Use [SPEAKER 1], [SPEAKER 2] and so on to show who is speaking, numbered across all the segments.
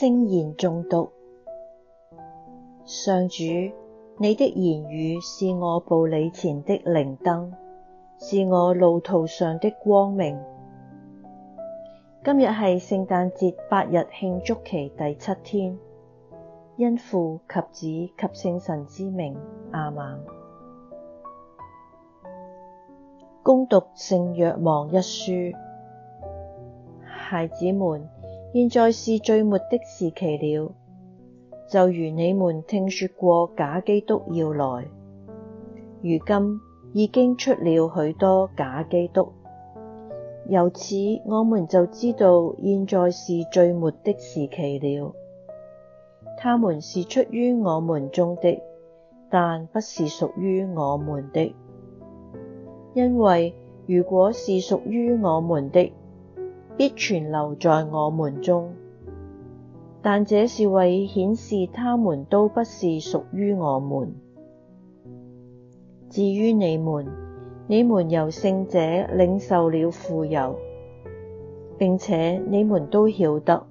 [SPEAKER 1] 聖言誦讀。上主，你的言語是我步履前的靈燈，是我路途上的光明。今日係聖誕節八日慶祝期第七天，因父及子及聖神之名，亞孟。恭讀聖若望一書，孩子們。現在是最末的時期了，就如你們聽說過假基督要來，如今已經出了許多假基督，由此我們就知道現在是最末的時期了。他們是出於我們中的，但不是屬於我們的，因為如果是屬於我們的，必存留在我們中，但這是為顯示他們都不是屬於我們。至於你們，你們由聖者領受了傅油，並且你們都曉得，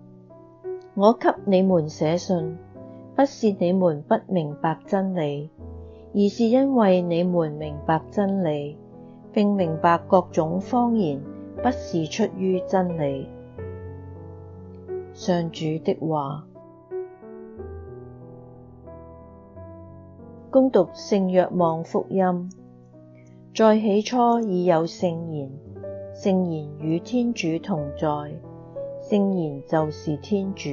[SPEAKER 1] 我給你們寫信，不是你們不明白真理，而是因為你們明白真理，並明白各種謊言，不是出於真理，上主的話。恭讀聖若望福音，在起初已有聖言，聖言與天主同在，聖言就是天主，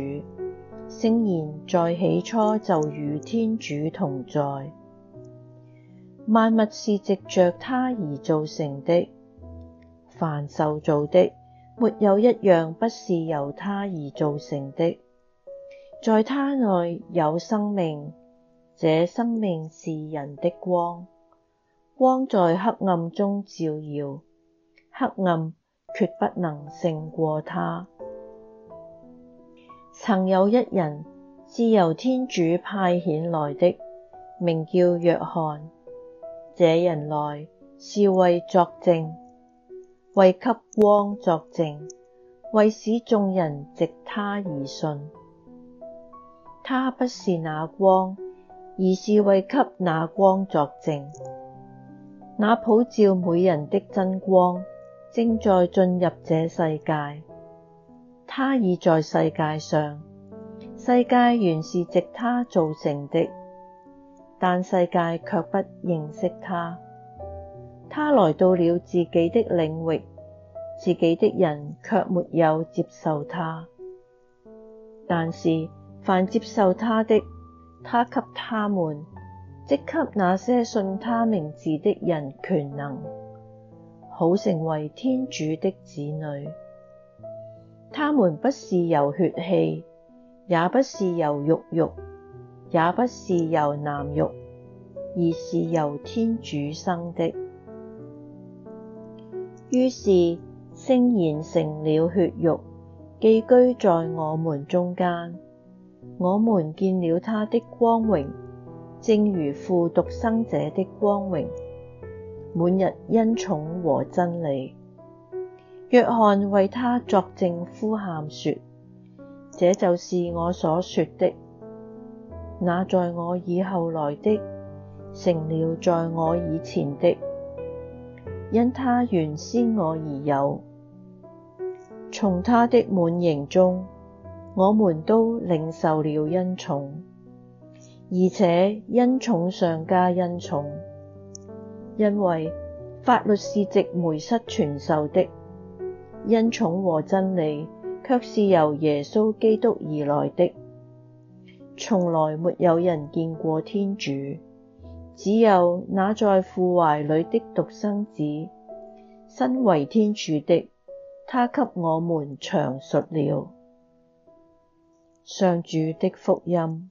[SPEAKER 1] 聖言在起初就與天主同在，萬物是藉着祂而造成的。凡受造的，沒有一樣不是由他而造成的。在他內有生命，這生命是人的光。光在黑暗中照耀，黑暗決不能勝過他。曾有一人，是由天主派遣來的，名叫若翰。這人來，是為作證。為給光作證，為使眾人藉他而信，他不是那光，而是為給那光作證。那普照每人的真光，正在進入這世界，他已在世界上，世界原是藉他造成的，但世界卻不認識他。他來到了自己的領域，自己的人卻沒有接受他。但是，凡接受他的，他給他們，即給那些信他名字的人權能，好成為天主的子女。他們不是由血氣，也不是由肉慾，也不是由男慾，而是由天主生的。於是，聖言成了血肉，寄居在我們中間。我們見了他的光榮，正如父獨生者的光榮，滿溢恩寵和真理。若翰為他作證，呼喊說：「這就是我所說的，那在我以後來的，成了在我以前的。」因他原先我而有。從他的滿盈中，我們都領受了恩寵，而且恩寵上加恩寵。因為法律是藉梅瑟傳授的，恩寵和真理卻是由耶穌基督而來的，從來沒有人見過天主。只有那在父懷裡的獨生子，身為天主的，他給我們詳述了上主的福音。